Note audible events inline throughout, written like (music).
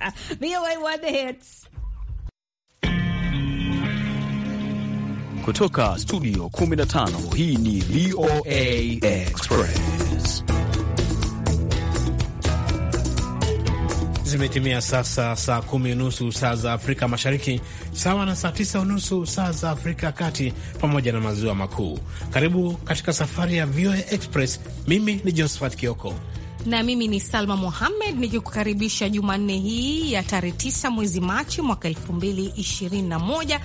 (laughs) VOA One Hits kutoka studio 15. Hii ni VOA Express. Zimetimia sasa saa kumi unusu saa za Afrika Mashariki, sawa na saa tisa unusu saa za Afrika ya Kati pamoja na maziwa makuu. Karibu katika safari ya VOA Express. Mimi ni Josephat Kioko na mimi ni Salma Mohamed nikikukaribisha Jumanne hii ya tarehe 9 mwezi Machi mwaka 2021.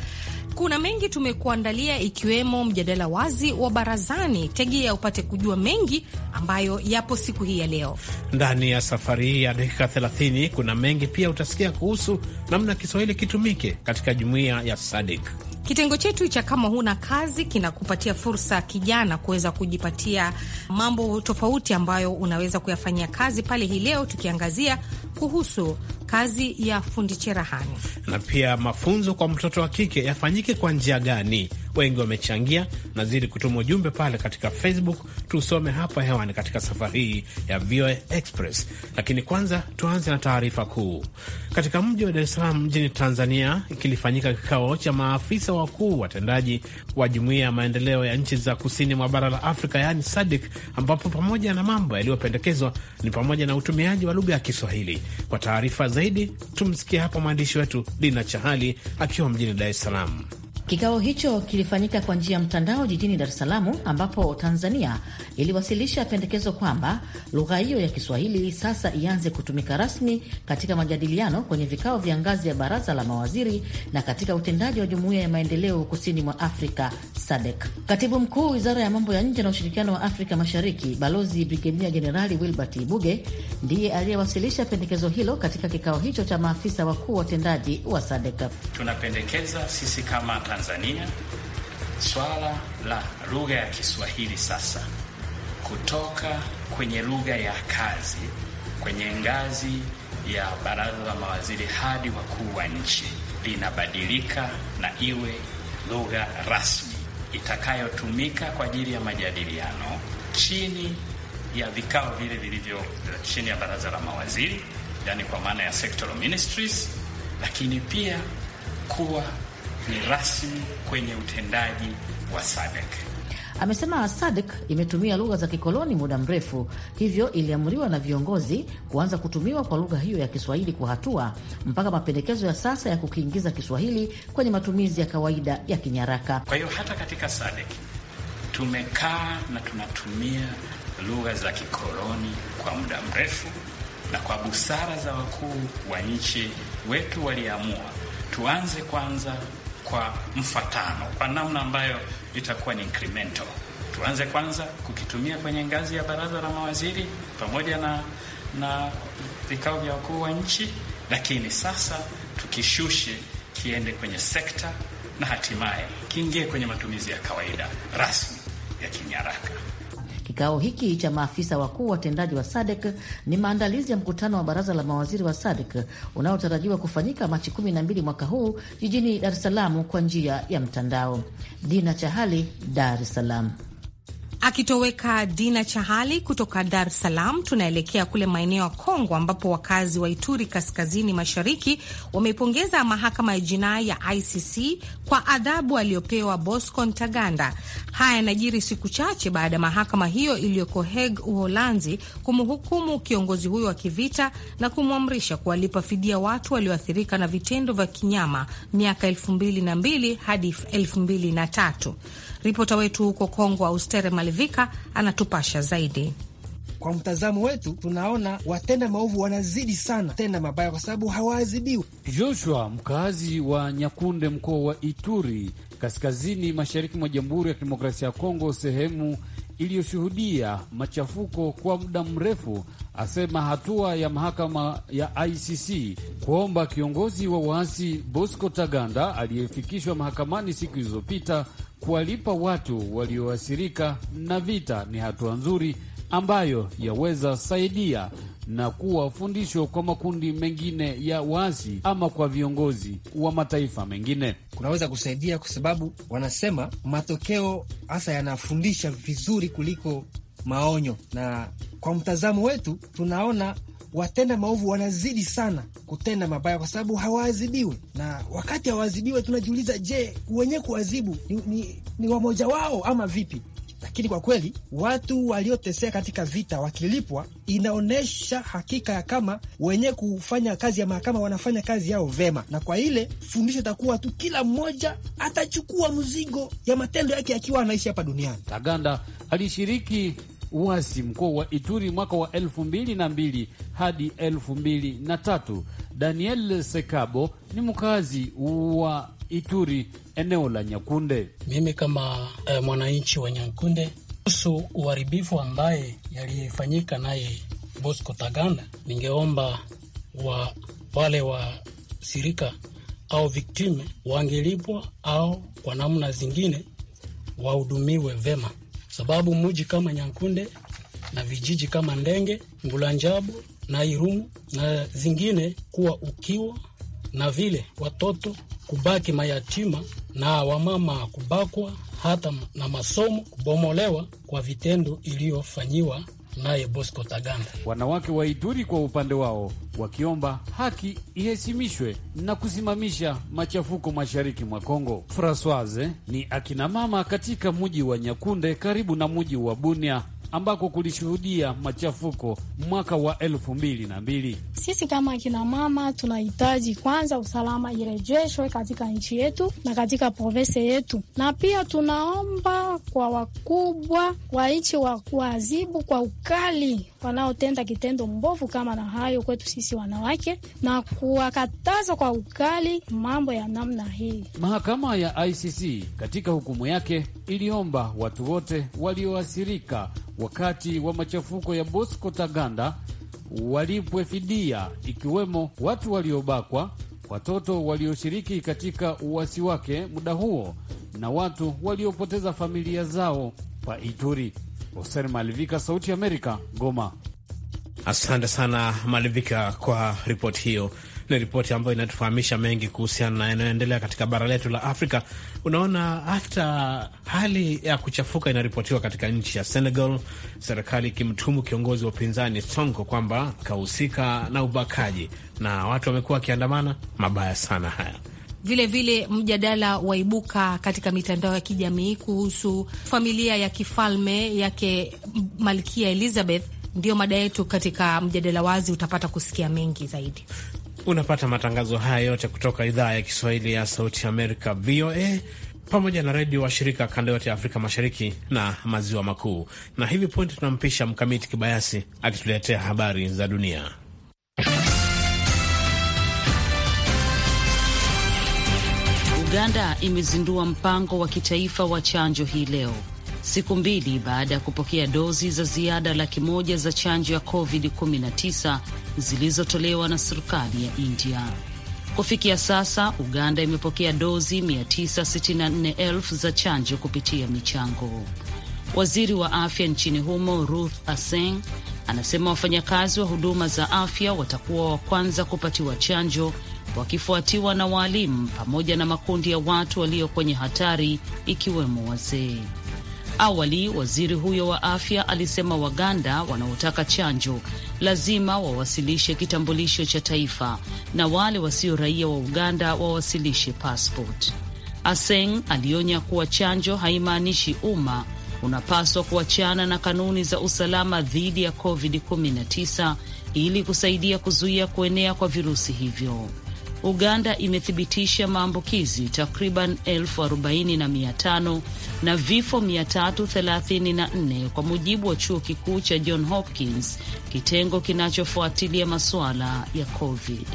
Kuna mengi tumekuandalia ikiwemo mjadala wazi wa barazani. Tegea upate kujua mengi ambayo yapo siku hii ya leo. Ndani ya safari hii ya dakika 30 kuna mengi pia utasikia kuhusu namna Kiswahili kitumike katika jumuiya ya SADIK. Kitengo chetu cha kama huna kazi kinakupatia fursa kijana kuweza kujipatia mambo tofauti ambayo unaweza kuyafanyia kazi pale. Hii leo tukiangazia kuhusu kazi ya fundi cherehani. Na pia mafunzo kwa mtoto wa kike yafanyike kwa njia gani? Wengi wamechangia, nazidi kutuma ujumbe pale katika Facebook, tusome hapa hewani katika safari hii ya VOA Express. Lakini kwanza tuanze na taarifa kuu. Katika mji wa Dar es Salaam nchini Tanzania kilifanyika kikao cha maafisa wakuu watendaji wa Jumuiya ya Maendeleo ya Nchi za Kusini mwa Bara la Afrika, yaani SADIK, ambapo pamoja na mambo yaliyopendekezwa ni pamoja na utumiaji wa lugha ya Kiswahili. Kwa taarifa zaidi tumsikie hapa mwandishi wetu Dina Chahali akiwa mjini Dar es Salaam. Kikao hicho kilifanyika kwa njia ya mtandao jijini Dar es Salaam, ambapo Tanzania iliwasilisha pendekezo kwamba lugha hiyo ya Kiswahili sasa ianze kutumika rasmi katika majadiliano kwenye vikao vya ngazi ya baraza la mawaziri na katika utendaji wa Jumuiya ya Maendeleo Kusini mwa Afrika SADC. Katibu mkuu Wizara ya Mambo ya Nje na Ushirikiano wa Afrika Mashariki, Balozi Brigedia Jenerali Wilbert Ibuge ndiye aliyewasilisha pendekezo hilo katika kikao hicho cha maafisa wakuu watendaji wa SADC. Tunapendekeza sisi kama Tanzania, swala la lugha ya Kiswahili sasa kutoka kwenye lugha ya kazi kwenye ngazi ya baraza la mawaziri hadi wakuu wa nchi linabadilika na iwe lugha rasmi itakayotumika kwa ajili ya majadiliano chini ya vikao vile vilivyo chini ya baraza la mawaziri, yani kwa maana ya sectoral ministries, lakini pia kuwa ni rasmi kwenye utendaji wa SADC. Amesema SADC imetumia lugha za kikoloni muda mrefu, hivyo iliamriwa na viongozi kuanza kutumiwa kwa lugha hiyo ya Kiswahili kwa hatua mpaka mapendekezo ya sasa ya kukiingiza Kiswahili kwenye matumizi ya kawaida ya Kinyaraka. Kwa hiyo hata katika SADC tumekaa na tunatumia lugha za kikoloni kwa muda mrefu, na kwa busara za wakuu wa nchi wetu waliamua tuanze kwanza kwa mfuatano, kwa namna ambayo itakuwa ni incremental. Tuanze kwanza kukitumia kwenye ngazi ya baraza la mawaziri pamoja na na vikao vya wakuu wa nchi, lakini sasa tukishushe kiende kwenye sekta na hatimaye kiingie kwenye matumizi ya kawaida rasmi ya kinyaraka. Kikao hiki cha maafisa wakuu watendaji wa SADC ni maandalizi ya mkutano wa baraza la mawaziri wa SADC unaotarajiwa kufanyika Machi 12 mwaka huu jijini Dar es Salaam kwa njia ya mtandao. Dina Chahali, Dar es Salaam. Akitoweka Dina Chahali kutoka Dar es Salaam, tunaelekea kule maeneo ya Kongo ambapo wakazi wa Ituri kaskazini mashariki wameipongeza mahakama ya jinai ya ICC kwa adhabu aliyopewa Bosco Ntaganda. Haya yanajiri siku chache baada ya mahakama hiyo iliyoko Hague, Uholanzi, kumhukumu kiongozi huyo wa kivita na kumwamrisha kuwalipa fidia watu walioathirika na vitendo vya kinyama miaka elfu mbili na mbili hadi elfu mbili na tatu. Ripota wetu huko Kongo, Austere Malivika, anatupasha zaidi. Kwa mtazamo wetu tunaona watenda maovu wanazidi sana tena mabaya kwa sababu hawaadhibiwi. Joshua, mkazi wa Nyakunde, mkoa wa Ituri, kaskazini mashariki mwa Jamhuri ya Kidemokrasia ya Kongo, sehemu iliyoshuhudia machafuko kwa muda mrefu, asema hatua ya mahakama ya ICC kuomba kiongozi wa waasi Bosco Taganda aliyefikishwa mahakamani siku zilizopita kuwalipa watu walioathirika na vita ni hatua nzuri ambayo yaweza saidia na kuwa fundisho kwa makundi mengine ya waasi ama kwa viongozi wa mataifa mengine. Kunaweza kusaidia kwa sababu wanasema matokeo hasa yanafundisha vizuri kuliko maonyo, na kwa mtazamo wetu tunaona watenda maovu wanazidi sana kutenda mabaya kwa sababu hawaadhibiwe, na wakati hawaadhibiwe tunajiuliza, je, wenye kuadhibu ni, ni, ni wamoja wao ama vipi? Lakini kwa kweli watu waliotesea katika vita wakilipwa, inaonyesha hakika ya kama wenye kufanya kazi ya mahakama wanafanya kazi yao vema, na kwa ile fundisho itakuwa tu kila mmoja atachukua mzigo ya matendo yake akiwa anaishi hapa duniani. Taganda alishiriki uasi mkoa wa Ituri mwaka wa elfu mbili na mbili hadi elfu mbili na tatu. Daniel Sekabo ni mkazi wa Ituri, eneo la Nyakunde. Mimi kama eh, mwananchi wa Nyakunde, kuhusu uharibifu ambaye yaliyefanyika naye Bosco Taganda, ningeomba wa wale sirika au viktime wangelipwa au kwa namna zingine wahudumiwe vema, sababu muji kama Nyankunde na vijiji kama Ndenge, Ngulanjabu na Irumu na zingine kuwa ukiwa na vile watoto kubaki mayatima na wamama kubakwa hata na masomo kubomolewa kwa vitendo iliyofanyiwa naye Bosco Taganda. Wanawake wa Ituri kwa upande wao wakiomba haki iheshimishwe na kusimamisha machafuko mashariki mwa Kongo. Francoise ni akinamama katika muji wa Nyakunde karibu na muji wa Bunia ambako kulishuhudia machafuko mwaka wa elfu mbili na mbili. Sisi kama mama tunahitaji kwanza usalama irejeshwe katika nchi yetu na katika provense yetu, na pia tunaomba kwa wakubwa wa nchi kuazibu kwa ukali wanaotenda kitendo mbovu kama na hayo kwetu sisi wanawake na kuwakataza kwa ukali mambo ya namna hii. Mahakama ya ICC katika hukumu yake iliomba watu wote walioathirika wakati wa machafuko ya Bosco Taganda walipwe fidia, ikiwemo watu waliobakwa, watoto walioshiriki katika uasi wake muda huo na watu waliopoteza familia zao pa Ituri. hoser Malivika, Sauti ya Amerika, Goma. Asante sana Malivika kwa ripoti hiyo ni ripoti ambayo inatufahamisha mengi kuhusiana na yanayoendelea katika bara letu la Afrika. Unaona, hata hali ya kuchafuka inaripotiwa katika nchi ya Senegal, serikali ikimtumu kiongozi wa upinzani Sonko kwamba kahusika na ubakaji, na watu wamekuwa wakiandamana. Mabaya sana haya. Vilevile vile mjadala waibuka katika mitandao ya kijamii kuhusu familia ya kifalme yake Malkia Elizabeth. Ndio mada yetu katika mjadala wazi, utapata kusikia mengi zaidi. Unapata matangazo haya yote kutoka idhaa ya Kiswahili ya Sauti Amerika, VOA, pamoja na redio wa shirika kanda yote ya Afrika Mashariki na Maziwa Makuu. Na hivi punde tunampisha Mkamiti Kibayasi akituletea habari za dunia. Uganda imezindua mpango wa kitaifa wa chanjo hii leo siku mbili baada ya kupokea dozi za ziada laki moja za chanjo ya COVID-19 zilizotolewa na serikali ya India. Kufikia sasa Uganda imepokea dozi 964,000 za chanjo kupitia michango. Waziri wa afya nchini humo Ruth Aseng anasema wafanyakazi wa huduma za afya watakuwa wa kwanza kupatiwa chanjo, wakifuatiwa na waalimu pamoja na makundi ya watu walio kwenye hatari, ikiwemo wazee. Awali waziri huyo wa afya alisema Waganda wanaotaka chanjo lazima wawasilishe kitambulisho cha taifa na wale wasio raia wa Uganda wawasilishe passport. Aseng alionya kuwa chanjo haimaanishi umma unapaswa kuachana na kanuni za usalama dhidi ya COVID-19 ili kusaidia kuzuia kuenea kwa virusi hivyo. Uganda imethibitisha maambukizi takriban elfu arobaini na mia tano na vifo 334 kwa mujibu wa chuo kikuu cha John Hopkins, kitengo kinachofuatilia masuala ya COVID.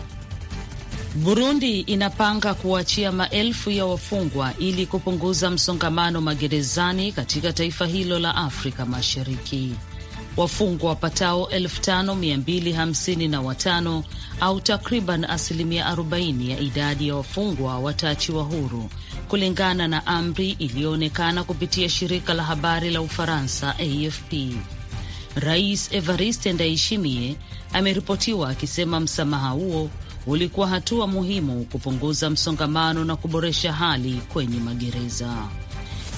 Burundi inapanga kuachia maelfu ya wafungwa ili kupunguza msongamano magerezani katika taifa hilo la Afrika Mashariki wafungwa wapatao 5255 au takriban asilimia 40 ya idadi ya wafungwa wataachiwa huru kulingana na amri iliyoonekana kupitia shirika la habari la Ufaransa AFP. Rais Evariste Ndayishimiye ameripotiwa akisema msamaha huo ulikuwa hatua muhimu kupunguza msongamano na kuboresha hali kwenye magereza.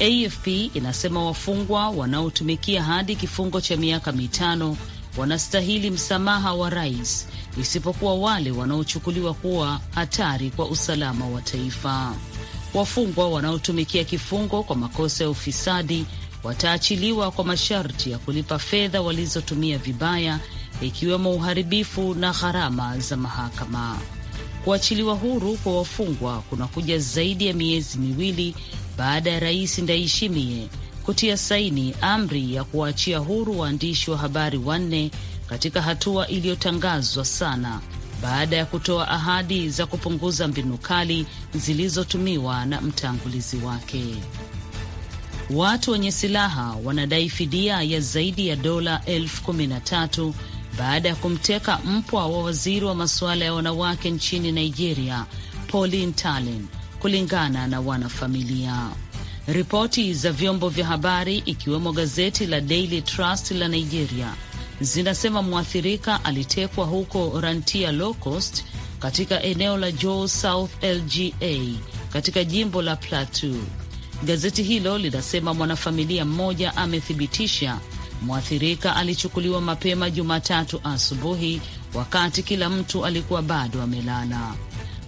AFP inasema wafungwa wanaotumikia hadi kifungo cha miaka mitano wanastahili msamaha wa rais, isipokuwa wale wanaochukuliwa kuwa hatari kwa usalama wa taifa. Wafungwa wanaotumikia kifungo kwa makosa ya ufisadi wataachiliwa kwa masharti ya kulipa fedha walizotumia vibaya, ikiwemo uharibifu na gharama za mahakama. Kuachiliwa huru kwa wafungwa kunakuja zaidi ya miezi miwili baada ya Rais Ndayishimiye kutia saini amri ya kuwaachia huru waandishi wa habari wanne katika hatua iliyotangazwa sana baada ya kutoa ahadi za kupunguza mbinu kali zilizotumiwa na mtangulizi wake. Watu wenye silaha wanadai fidia ya zaidi ya dola elfu kumi na tatu baada ya kumteka mpwa wa waziri wa masuala ya wanawake nchini Nigeria, Pauline Tallen kulingana na wanafamilia. Ripoti za vyombo vya habari ikiwemo gazeti la Daily Trust la Nigeria zinasema mwathirika alitekwa huko Rantia Locost katika eneo la jo South LGA katika jimbo la Plateau. Gazeti hilo linasema mwanafamilia mmoja amethibitisha mwathirika alichukuliwa mapema Jumatatu asubuhi wakati kila mtu alikuwa bado amelala.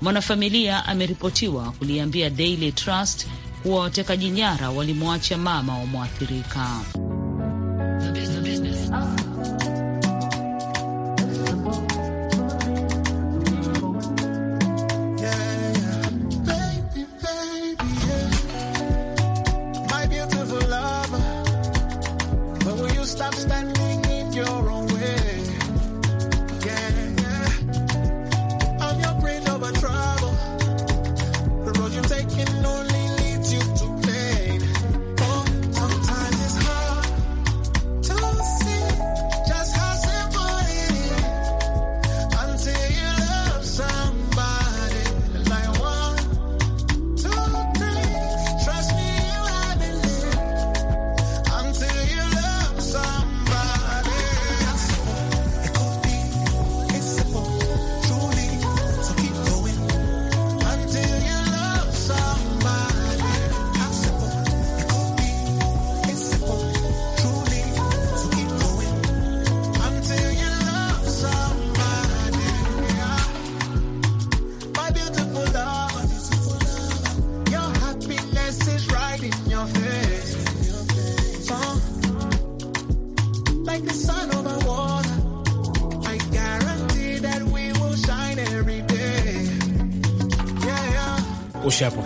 Mwanafamilia ameripotiwa kuliambia Daily Trust kuwa watekaji nyara walimwacha mama wa mwathirika.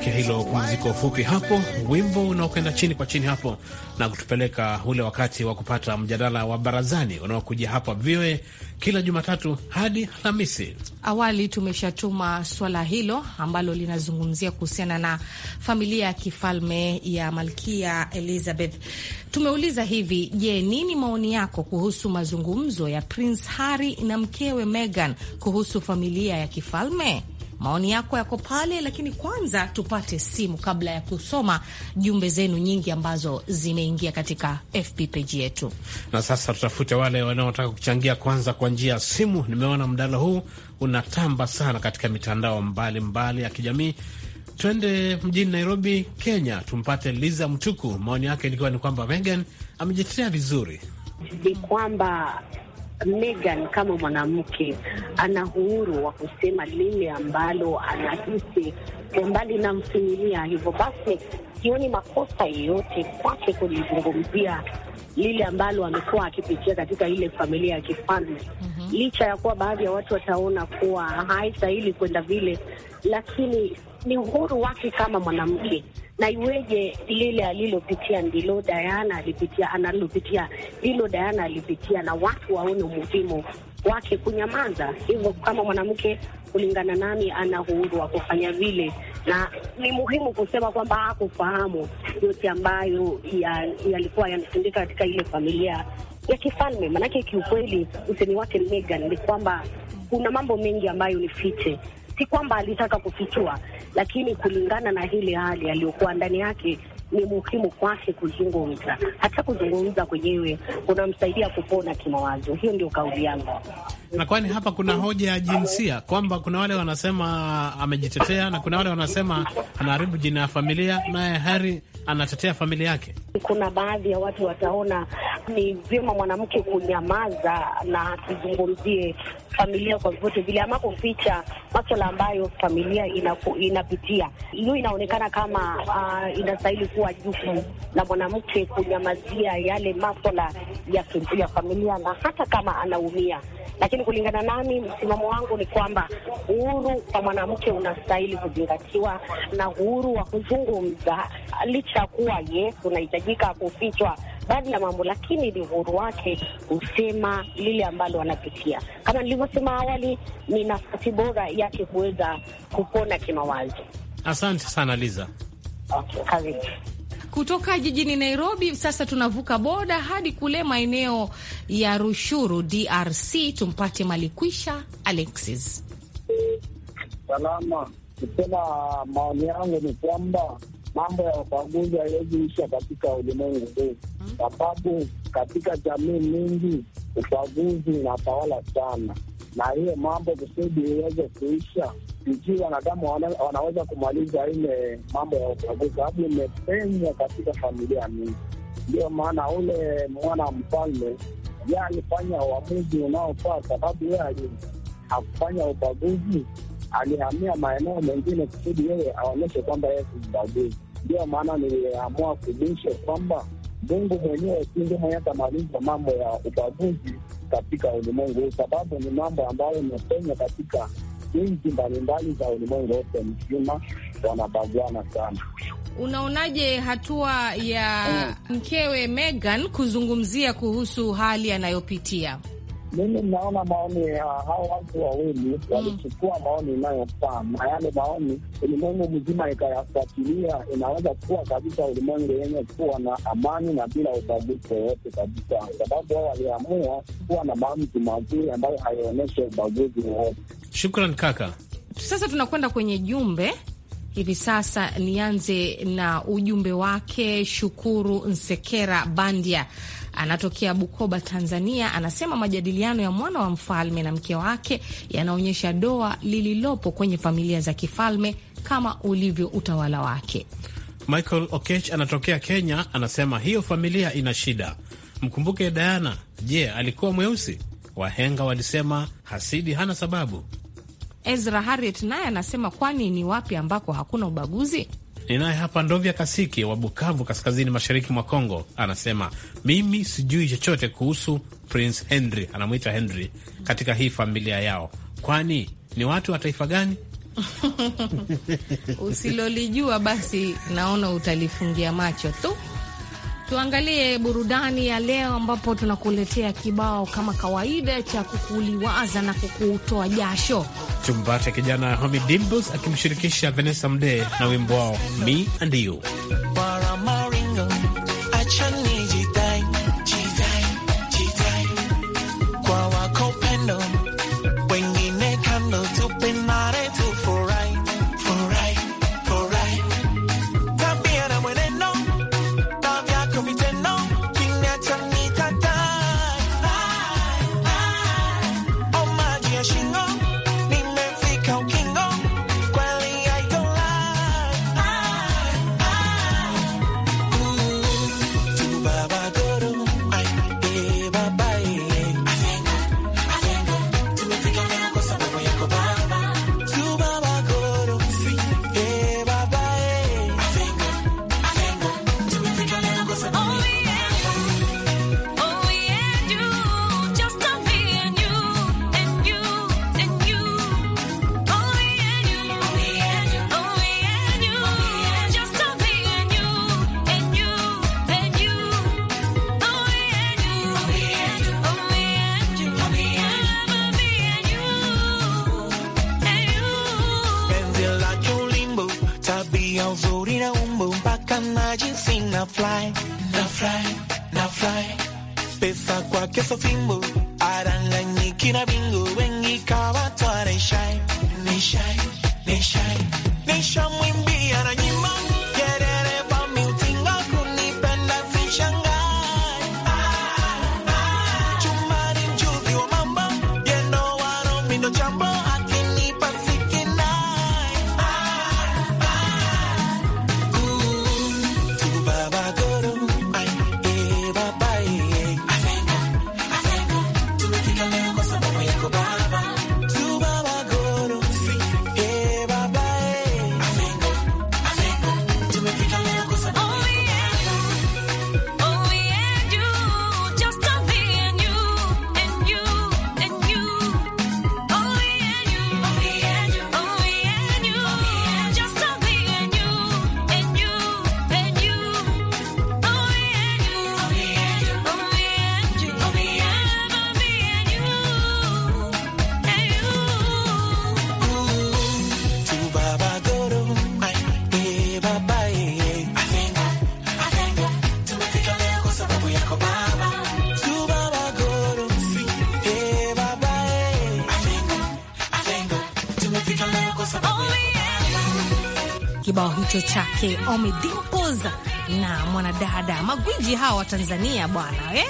yake hilo pumziko fupi hapo, wimbo unaokwenda chini kwa chini hapo, na kutupeleka ule wakati wa kupata mjadala wa barazani unaokuja hapa VOA kila Jumatatu hadi Alhamisi. Awali tumeshatuma swala hilo ambalo linazungumzia kuhusiana na familia ya kifalme ya Malkia Elizabeth. Tumeuliza hivi, je, nini maoni yako kuhusu mazungumzo ya Prince Harry na mkewe Meghan kuhusu familia ya kifalme? Maoni yako yako pale, lakini kwanza tupate simu kabla ya kusoma jumbe zenu nyingi ambazo zimeingia katika FB page yetu. Na sasa tutafute wale wanaotaka kuchangia kwanza kwa njia ya simu. Nimeona mdala huu unatamba sana katika mitandao mbalimbali mbali ya kijamii. Twende mjini Nairobi, Kenya, tumpate Liza Mtuku. Maoni yake ilikuwa ni kwamba Megan amejitetea vizuri, ni kwamba Megan kama mwanamke ana uhuru wa kusema lile ambalo anahisi, mbali na mfinyilia. Hivyo basi, sioni makosa yeyote kwake kulizungumzia lile ambalo amekuwa akipitia katika ile familia ya kifalme mm -hmm. Licha ya kuwa baadhi ya watu wataona kuwa haistahili kwenda vile, lakini ni uhuru wake kama mwanamke mm -hmm na iweje lile alilopitia ndilo Diana alipitia, analopitia ndilo Diana alipitia, na watu waone umuhimu wake kunyamaza. Hivyo kama mwanamke, kulingana nami, ana uhuru wa kufanya vile, na ni muhimu kusema kwamba hakufahamu yote ambayo yalikuwa ya yanatendeka katika ile familia ya kifalme. Maanake kiukweli, usemi wake Megan ni kwamba kuna mambo mengi ambayo ni fiche si kwamba alitaka kufichua, lakini kulingana na hili hali aliyokuwa ndani yake ni muhimu kwake kuzungumza. Hata kuzungumza kwenyewe kunamsaidia kupona kimawazo. Hiyo ndio kauli yangu. Na kwani hapa kuna hoja ya jinsia kwamba kuna wale wanasema amejitetea na kuna wale wanasema anaharibu jina ya familia, naye Hari anatetea familia yake. Kuna baadhi ya watu wataona ni vyema mwanamke kunyamaza na tuzungumzie familia kwa vyovyote vile, ama kuficha maswala ambayo familia inaku, inapitia. Hiyo inaonekana kama uh, inastahili kuwa jukumu la mwanamke kunyamazia yale maswala ya, ya familia na hata kama anaumia lakini kulingana nami, msimamo wangu ni kwamba uhuru kwa mwanamke unastahili kuzingatiwa na uhuru wa kuzungumza, licha kuwa ye unahitajika kufichwa baadhi ya mambo, lakini ni uhuru wake kusema lile ambalo anapitia Kama nilivyosema awali, ni nafasi bora yake kuweza kupona kimawazo. Asante sana Liza. Okay, karibu kutoka jijini Nairobi. Sasa tunavuka boda hadi kule maeneo ya Rushuru, DRC. Tumpate Malikwisha Alexis. Salama, kusema maoni yangu ni kwamba mambo ya ubaguzi haiweziisha katika ulimwengu huu, sababu katika jamii mingi ubaguzi unatawala sana na hiyo mambo kusudi iweze kuisha, ikiwa wanadamu wanaweza kumaliza ile mambo ya ubaguzi, sababu imepenywa katika familia mingi. Ndio maana ule mwana wa mfalme ye alifanya uamuzi unaofaa, sababu ye hakufanya ubaguzi, alihamia maeneo mengine kusudi yeye aonyeshe kwamba yeye si mbaguzi. Ndio maana niliamua kudisho kwamba Mungu mwenyewe si mwenye atamaliza mambo ya ubaguzi katika ulimwengu huu, sababu ni mambo ambayo imepenya katika nchi mbalimbali za ulimwengu wote mzima, wanabagwana sana. Unaonaje hatua ya mm. mkewe Megan kuzungumzia kuhusu hali anayopitia? Mimi naona maoni ya hao watu wawili mm. walichukua maoni inayofaa, na yale maoni ulimwengu mzima ikayafuatilia, inaweza kuwa kabisa ulimwengu yenye kuwa na amani na bila ubaguzi wowote kabisa, sababu wao waliamua kuwa na maamuzi mazuri ambayo hayaonyeshe ubaguzi wowote. Shukran kaka. Sasa tunakwenda kwenye jumbe hivi sasa. Nianze na ujumbe wake Shukuru Nsekera Bandia anatokea Bukoba, Tanzania, anasema majadiliano ya mwana wa mfalme na mke wake yanaonyesha doa lililopo kwenye familia za kifalme kama ulivyo utawala wake. Michael Okech anatokea Kenya, anasema hiyo familia ina shida. Mkumbuke Diana. Je, alikuwa mweusi? Wahenga walisema hasidi hana sababu. Ezra Harriet naye anasema kwani ni wapi ambako hakuna ubaguzi? Ninaye hapa Ndovya Kasiki wa Bukavu, kaskazini mashariki mwa Kongo, anasema mimi sijui chochote kuhusu Prince Henry, anamwita Henry, katika hii familia yao, kwani ni watu wa taifa gani? (laughs) Usilolijua basi naona utalifungia macho tu. Tuangalie burudani ya leo, ambapo tunakuletea kibao kama kawaida cha kukuliwaza na kukutoa jasho. Tumpate kijana Homi dimbus akimshirikisha Vanessa Mdee na wimbo wao Me and You. kibao hicho chake Omi Dimples na mwanadada magwiji hawa wa Tanzania bwana eh?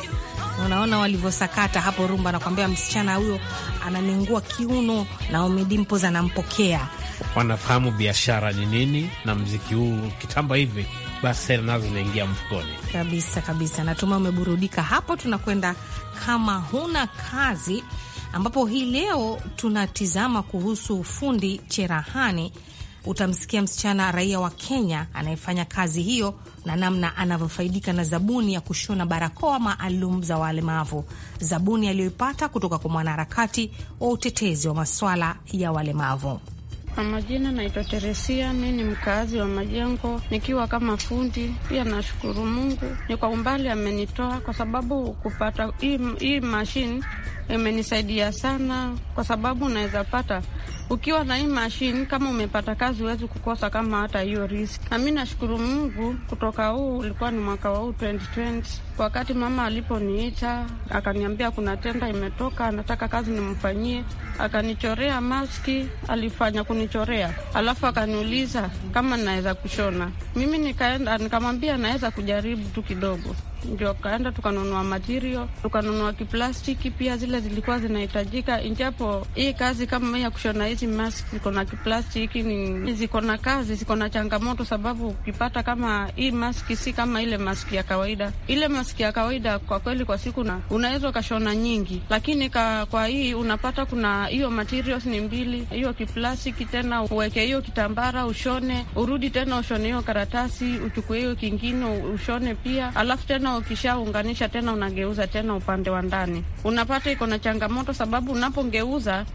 Unaona walivyosakata hapo rumba, nakwambia msichana huyo ananingua kiuno na Omi Dimples anampokea. Wanafahamu biashara ni nini na mziki huu kitamba hivi basi hela nazo zinaingia mfukoni kabisa kabisa. Natuma umeburudika hapo. Tunakwenda kama huna kazi, ambapo hii leo tunatizama kuhusu fundi cherahani utamsikia msichana raia wa Kenya anayefanya kazi hiyo na namna anavyofaidika na zabuni ya kushona barakoa maalum za walemavu, zabuni aliyoipata kutoka kwa mwanaharakati wa utetezi wa maswala ya walemavu. Kwa majina naitwa Teresia, mi ni mkaazi wa Majengo, nikiwa kama fundi pia. Nashukuru Mungu ni kwa umbali amenitoa, kwa sababu kupata hii mashini imenisaidia sana, kwa sababu unaweza pata ukiwa na hii mashine, kama umepata kazi huwezi kukosa kama hata hiyo riski. Na mi nashukuru Mungu, kutoka huu ulikuwa ni mwaka wa huu 2020 wakati mama aliponiita akaniambia kuna tenda imetoka, anataka kazi nimfanyie, akanichorea maski, alifanya kunichorea, alafu akaniuliza kama naweza kushona. Mimi nikaenda nikamwambia naweza kujaribu tu kidogo ndio kaenda tukanunua material, tukanunua kiplastiki pia zile zilikuwa zinahitajika, injapo hii kazi kama ya kushona hizi mask ziko na kiplastiki ni ziko na kazi, ziko na changamoto, sababu ukipata kama hii maski si kama ile maski ya kawaida. Ile maski ya kawaida kwa kweli, kwa siku na unaweza ukashona nyingi, lakini ka, kwa hii unapata kuna hiyo materials ni mbili, hiyo kiplastiki tena uweke hiyo kitambara ushone, urudi tena ushone hiyo karatasi, uchukue hiyo kingine ushone pia, alafu tena tena ukishaunganisha tena unageuza tena upande wa ndani, unapata iko na changamoto sababu unapongeuza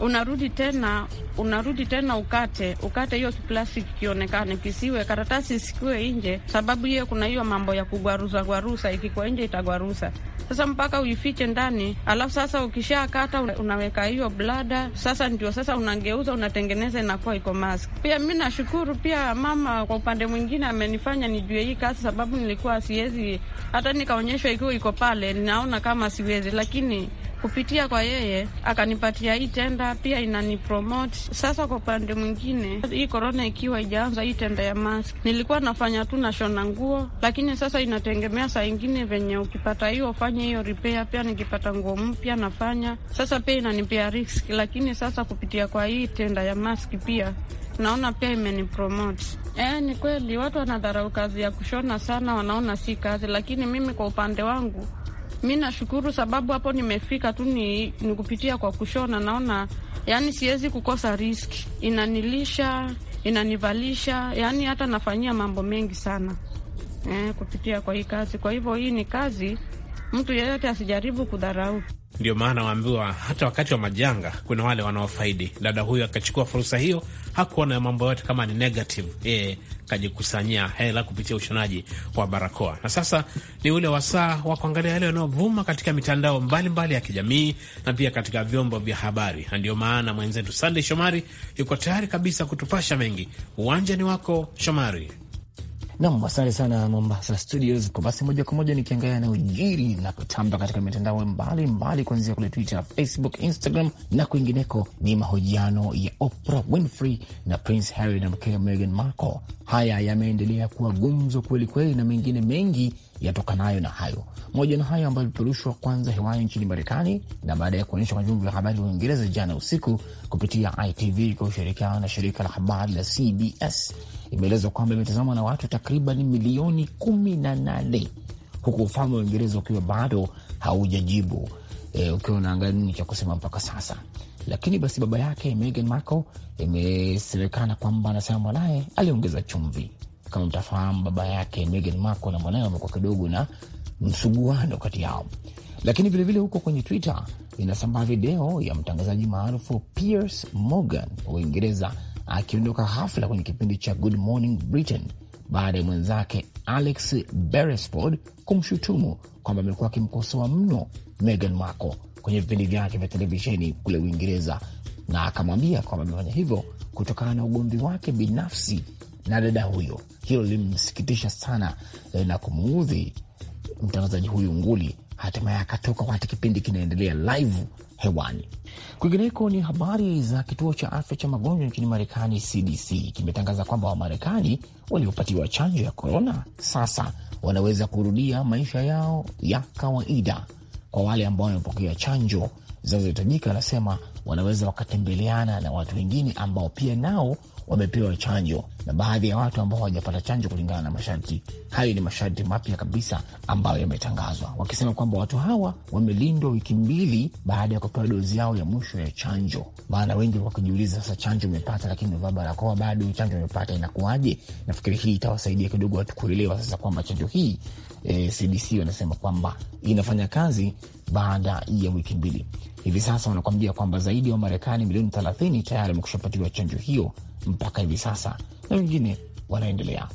unarudi tena unarudi tena ukate ukate hiyo plastiki kionekane, kisiwe karatasi isikiwe nje, sababu hiyo kuna hiyo mambo ya kugwaruza gwarusa, ikikwa nje itagwarusa. Sasa mpaka uifiche ndani, alafu sasa ukishakata unaweka hiyo blada, sasa ndio sasa unageuza unatengeneza, inakuwa iko mask. Pia mi nashukuru pia mama, kwa upande mwingine amenifanya nijue hii kazi, sababu nilikuwa siwezi hata nikaonyeshwa ikiwa iko pale, ninaona kama siwezi, lakini Kupitia kwa yeye akanipatia hii tenda, pia inanipromote sasa. Kwa upande mwingine, hii korona ikiwa ijaanza, hii tenda ya mask nilikuwa nafanya tu nashona nguo, lakini sasa inategemea saa ingine venye ukipata hiyo ufanye hiyo repair. Pia nikipata nguo mpya nafanya sasa, pia inanipea risk, lakini sasa kupitia kwa hii tenda ya mask pia naona pia imenipromote. E, ni kweli watu wanadharau kazi ya kushona sana, wanaona si kazi, lakini mimi kwa upande wangu Mi nashukuru sababu hapo nimefika tu ni, ni kupitia kwa kushona. Naona yani siwezi kukosa riski, inanilisha inanivalisha, yani hata nafanyia mambo mengi sana eh, kupitia kwa hii kazi. Kwa hivyo hii ni kazi mtu yeyote asijaribu kudharau. Ndio maana waambiwa hata wakati wa majanga kuna wale wanaofaidi. Dada huyu akachukua fursa hiyo, hakuona mambo yote kama ni negative. Yeye kajikusanyia hela kupitia ushonaji wa barakoa, na sasa ni ule wasaa wa kuangalia yale yanayovuma katika mitandao mbalimbali mbali ya kijamii na pia katika vyombo vya habari, na ndio maana mwenzetu Sandey Shomari yuko tayari kabisa kutupasha mengi. Uwanja ni wako Shomari. Nam, asante sana Mombasa Studios. Kwa basi moja kwa moja nikiangalia na ujiri na kutamba katika mitandao mbalimbali, kuanzia kule Twitter, Facebook, Instagram na kwingineko, ni mahojiano ya Oprah Winfrey na Prince Harry na mkewe Meghan Markle. Haya yameendelea kuwa gumzo kwelikweli, na mengine mengi yatokanayo na hayo. Moja na hayo ambayo iliperushwa kwanza hewani nchini Marekani na baada ya kuonyeshwa kwa vyombo vya habari wa Uingereza jana usiku kupitia ITV kwa ushirikiano na shirika la habari la CBS imeelezwa kwamba imetazamwa na watu takriban milioni kumi na nane huku ufalme wa Uingereza ukiwa bado haujajibu e, ukiwa unaangalia nini cha kusema mpaka sasa. Lakini basi baba yake Meghan Markle imesemekana kwamba anasema mwanaye aliongeza chumvi. Kama mtafahamu, baba yake Meghan Markle na mwanaye wamekuwa kidogo na msuguano kati yao. Lakini vilevile vile huko kwenye Twitter inasambaa video ya mtangazaji maarufu Piers Morgan wa Uingereza akiondoka hafla kwenye kipindi cha Good Morning Britain baada ya mwenzake Alex Beresford kumshutumu kwamba amekuwa akimkosoa mno Meghan Markle kwenye vipindi vyake vya televisheni kule Uingereza, na akamwambia kwamba amefanya hivyo kutokana na ugomvi wake binafsi na dada huyo. Hilo lilimsikitisha sana eh, na kumuudhi mtangazaji huyu nguli. Hatimaye akatoka wakati kipindi kinaendelea live hewani. Kwingineko ni habari za kituo cha afya cha magonjwa nchini Marekani, CDC kimetangaza kwamba Wamarekani waliopatiwa chanjo ya korona sasa wanaweza kurudia maisha yao ya kawaida. Kwa wale ambao wamepokea chanjo zinazohitajika, anasema wanaweza wakatembeleana na watu wengine ambao pia nao wamepewa chanjo na baadhi ya watu ambao hawajapata chanjo kulingana na masharti hayo. Ni masharti mapya kabisa ambayo yametangazwa, wakisema kwamba watu hawa wamelindwa wiki mbili baada ya kupewa dozi yao ya mwisho ya chanjo. Maana wengi wakijiuliza sasa, chanjo umepata lakini umevaa barakoa bado, chanjo umepata inakuwaje? Nafikiri hii itawasaidia kidogo watu kuelewa sasa kwamba chanjo hii eh, CDC wanasema kwamba inafanya kazi baada ya wiki mbili. Hivi sasa wanakuambia kwamba zaidi ya wa Wamarekani milioni thelathini tayari wamekushapatiwa chanjo hiyo mpaka hivi sasa na wengine wanaendelea.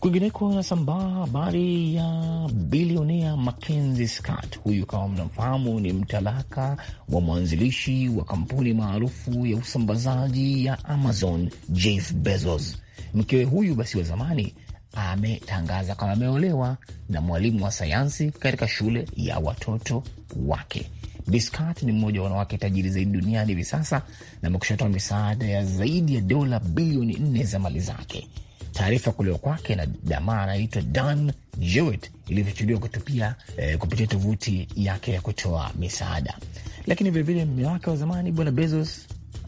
Kwingineko nasambaa habari ya bilionea Mackenzie Scott. Huyu kama mnamfahamu, ni mtalaka wa mwanzilishi wa kampuni maarufu ya usambazaji ya Amazon, Jeff Bezos. Mkewe huyu basi wa zamani ametangaza kama ameolewa na mwalimu wa sayansi katika shule ya watoto wake. Discat ni mmoja wa wanawake tajiri zaidi duniani hivi sasa na amekushatoa misaada ya zaidi ya dola bilioni nne za mali zake. Taarifa kulewa kwake na jamaa anaitwa Dan Jewett ilivyochukuliwa kutupia eh, kupitia tovuti yake ya kutoa misaada. Lakini vilevile mme wake wa zamani Bwana Bezos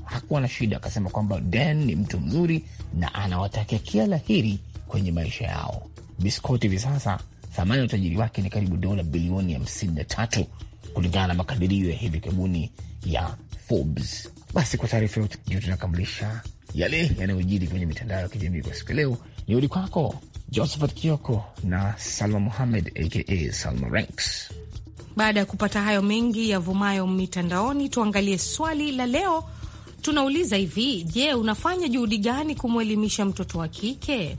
hakuwa na shida, akasema kwamba Dan ni mtu mzuri na anawatakia kila la heri kwenye maisha yao. Biskoti hivi sasa thamani ya utajiri wake ni karibu dola bilioni tatu kulingana na makadirio ya hivi karibuni ya Forbes. Basi kwa taarifa yote ndio tunakamilisha yale yanayojiri kwenye mitandao ya kijamii kwa siku leo. Ni uli kwako Josephat Kioko na Salma Muhamed aka Salma Ranks. Baada ya kupata hayo mengi yavumayo mitandaoni, tuangalie swali la leo. Tunauliza hivi, je, unafanya juhudi gani kumwelimisha mtoto wa kike?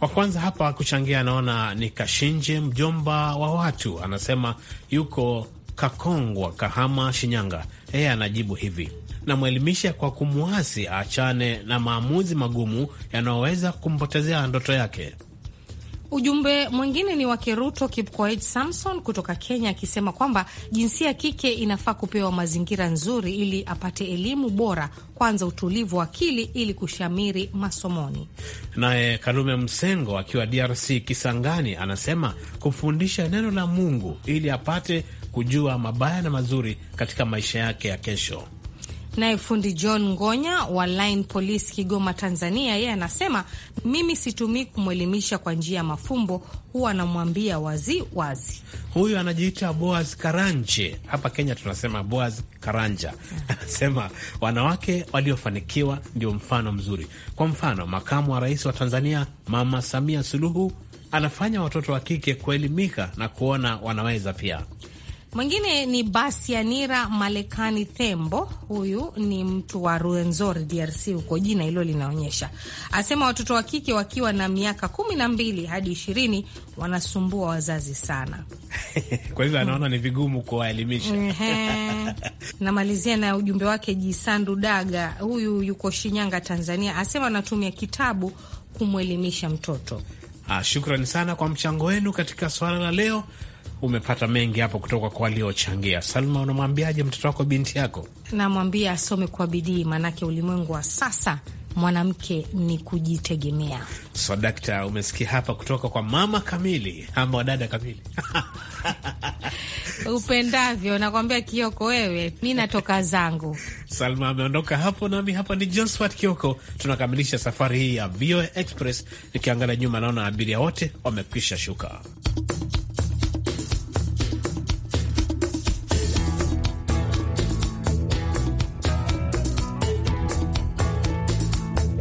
Wa kwanza hapa kuchangia, anaona ni Kashinje, mjomba wa watu, anasema yuko Kakongwa, Kahama, Shinyanga, yeye anajibu hivi: namwelimisha kwa kumwasi aachane na maamuzi magumu yanayoweza kumpotezea ndoto yake. Ujumbe mwingine ni wake Ruto Kipkoech Samson kutoka Kenya akisema kwamba jinsia ya kike inafaa kupewa mazingira nzuri ili apate elimu bora, kwanza utulivu wa akili ili kushamiri masomoni. Naye Kalume Msengo akiwa DRC Kisangani anasema kufundisha neno la Mungu ili apate kujua mabaya na mazuri katika maisha yake ya kesho. Naye fundi John Ngonya wa Line Police Kigoma, Tanzania, yeye anasema mimi situmii kumwelimisha kwa njia ya mafumbo, huwa anamwambia wazi wazi. Huyu anajiita Boaz Karanje, hapa Kenya tunasema Boaz Karanja. Mm. (laughs) Anasema wanawake waliofanikiwa ndio mfano mzuri. Kwa mfano, makamu wa rais wa Tanzania Mama Samia Suluhu anafanya watoto wa kike kuelimika na kuona wanaweza pia. Mwingine ni Basianira Malekani Thembo. Huyu ni mtu wa Ruenzori, DRC, huko jina hilo linaonyesha. Asema watoto wa kike wakiwa na miaka kumi na mbili hadi ishirini wanasumbua wazazi sana. (laughs) Kwa hivyo anaona ni vigumu kuwaelimisha. (laughs) Namalizia na ujumbe wake Jisandu Daga, huyu yuko Shinyanga, Tanzania. Asema anatumia kitabu kumwelimisha mtoto. Ah, shukrani sana kwa mchango wenu katika swala la leo umepata mengi hapo kutoka kwa waliochangia. Salma, unamwambiaje mtoto wako, binti yako? Namwambia asome kwa bidii, maanake ulimwengu wa sasa mwanamke ni kujitegemea. So dakta, umesikia hapa kutoka kwa mama kamili ama wadada kamili (laughs) upendavyo. Nakwambia Kioko, wewe mi natoka zangu. Salma ameondoka hapo, nami hapa ni Josphat Kioko. Tunakamilisha safari hii ya VOA Express. Nikiangalia nyuma, naona abiria wote wamekwisha shuka.